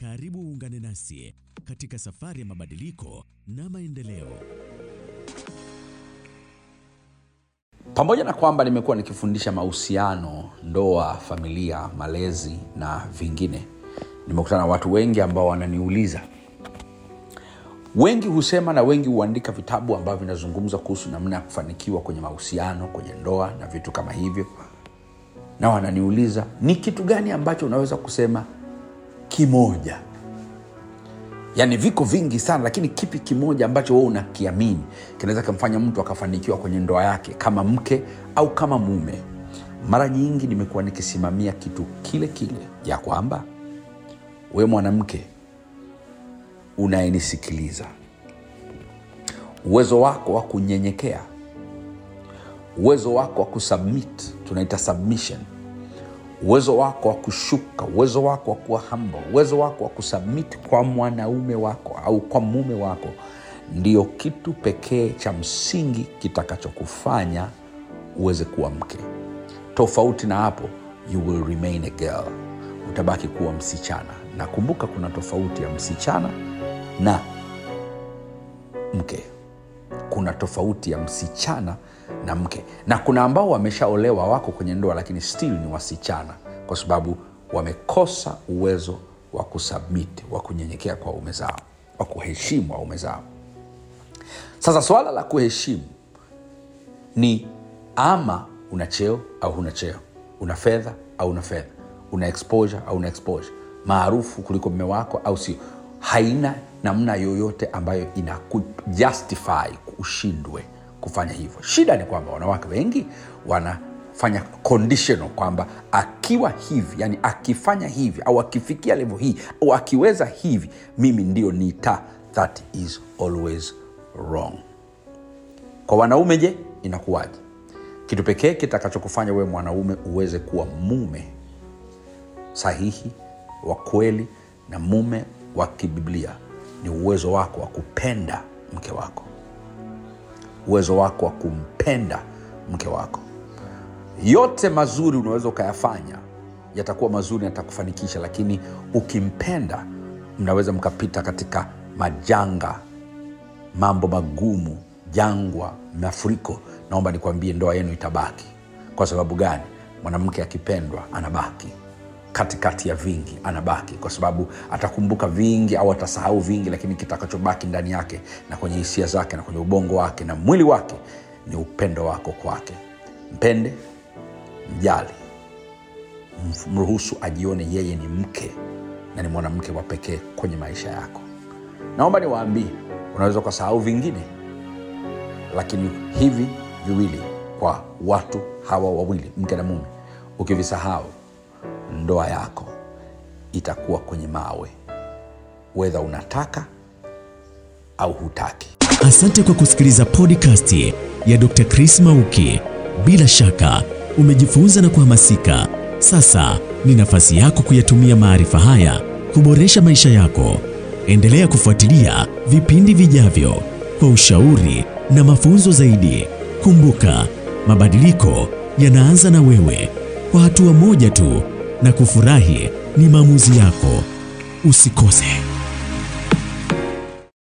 Karibu uungane nasi katika safari ya mabadiliko na maendeleo. Pamoja na kwamba nimekuwa nikifundisha mahusiano, ndoa, familia, malezi na vingine, nimekutana na watu wengi ambao wananiuliza. Wengi husema na wengi huandika vitabu ambavyo vinazungumza kuhusu namna ya kufanikiwa kwenye mahusiano, kwenye ndoa na vitu kama hivyo, na wananiuliza ni kitu gani ambacho unaweza kusema kimoja. Yaani viko vingi sana, lakini kipi kimoja ambacho wewe unakiamini kinaweza kamfanya mtu akafanikiwa kwenye ndoa yake kama mke au kama mume? Mara nyingi nimekuwa nikisimamia kitu kile kile, ya kwamba we mwanamke unayenisikiliza, uwezo wako wa kunyenyekea, uwezo wako wa kusubmit, tunaita submission uwezo wako wa kushuka, uwezo wako wa kuwa hamba uwezo wako wa kusubmit kwa mwanaume wako au kwa mume wako ndiyo kitu pekee cha msingi kitakachokufanya uweze kuwa mke. Tofauti na hapo, you will remain a girl, utabaki kuwa msichana. nakumbuka kuna tofauti ya msichana na mke, kuna tofauti ya msichana na mke, na kuna ambao wameshaolewa wako kwenye ndoa, lakini still ni wasichana, kwa sababu wamekosa uwezo wa kusubmit, wa kunyenyekea kwa waume zao, wa kuheshimu waume zao. Sasa swala la kuheshimu ni ama una cheo au huna cheo, una fedha au una fedha, una exposure au una exposure, maarufu kuliko mme wako au sio. Haina namna yoyote ambayo inakujustify ushindwe kufanya hivyo. Shida ni kwamba wanawake wengi wanafanya conditional kwamba akiwa hivi, yani akifanya hivi au akifikia levo hii au akiweza hivi, mimi ndio nita. That is always wrong. Kwa wanaume, je, inakuwaje? Kitu pekee kitakachokufanya wewe mwanaume uweze kuwa mume sahihi wa kweli na mume wa kibiblia ni uwezo wako wa kupenda mke wako uwezo wako wa kumpenda mke wako. Yote mazuri unaweza ukayafanya, yatakuwa mazuri, yatakufanikisha, lakini ukimpenda, mnaweza mkapita katika majanga, mambo magumu, jangwa, mafuriko. Naomba nikwambie, ndoa yenu itabaki. Kwa sababu gani? Mwanamke akipendwa anabaki katikati ya vingi anabaki, kwa sababu atakumbuka vingi au atasahau vingi, lakini kitakachobaki ndani yake na kwenye hisia zake na kwenye ubongo wake na mwili wake ni upendo wako kwake. Mpende, mjali, mruhusu ajione yeye ni mke na ni mwanamke wa pekee kwenye maisha yako. Naomba niwaambie, unaweza ukasahau vingine, lakini hivi viwili kwa watu hawa wawili, mke na mume, ukivisahau ndoa yako itakuwa kwenye mawe, wedha unataka au hutaki. Asante kwa kusikiliza podkasti ya Dr. Chris Mauki. Bila shaka umejifunza na kuhamasika. Sasa ni nafasi yako kuyatumia maarifa haya kuboresha maisha yako. Endelea kufuatilia vipindi vijavyo kwa ushauri na mafunzo zaidi. Kumbuka, mabadiliko yanaanza na wewe. Kwa hatua moja tu na kufurahi ni maamuzi yako. Usikose.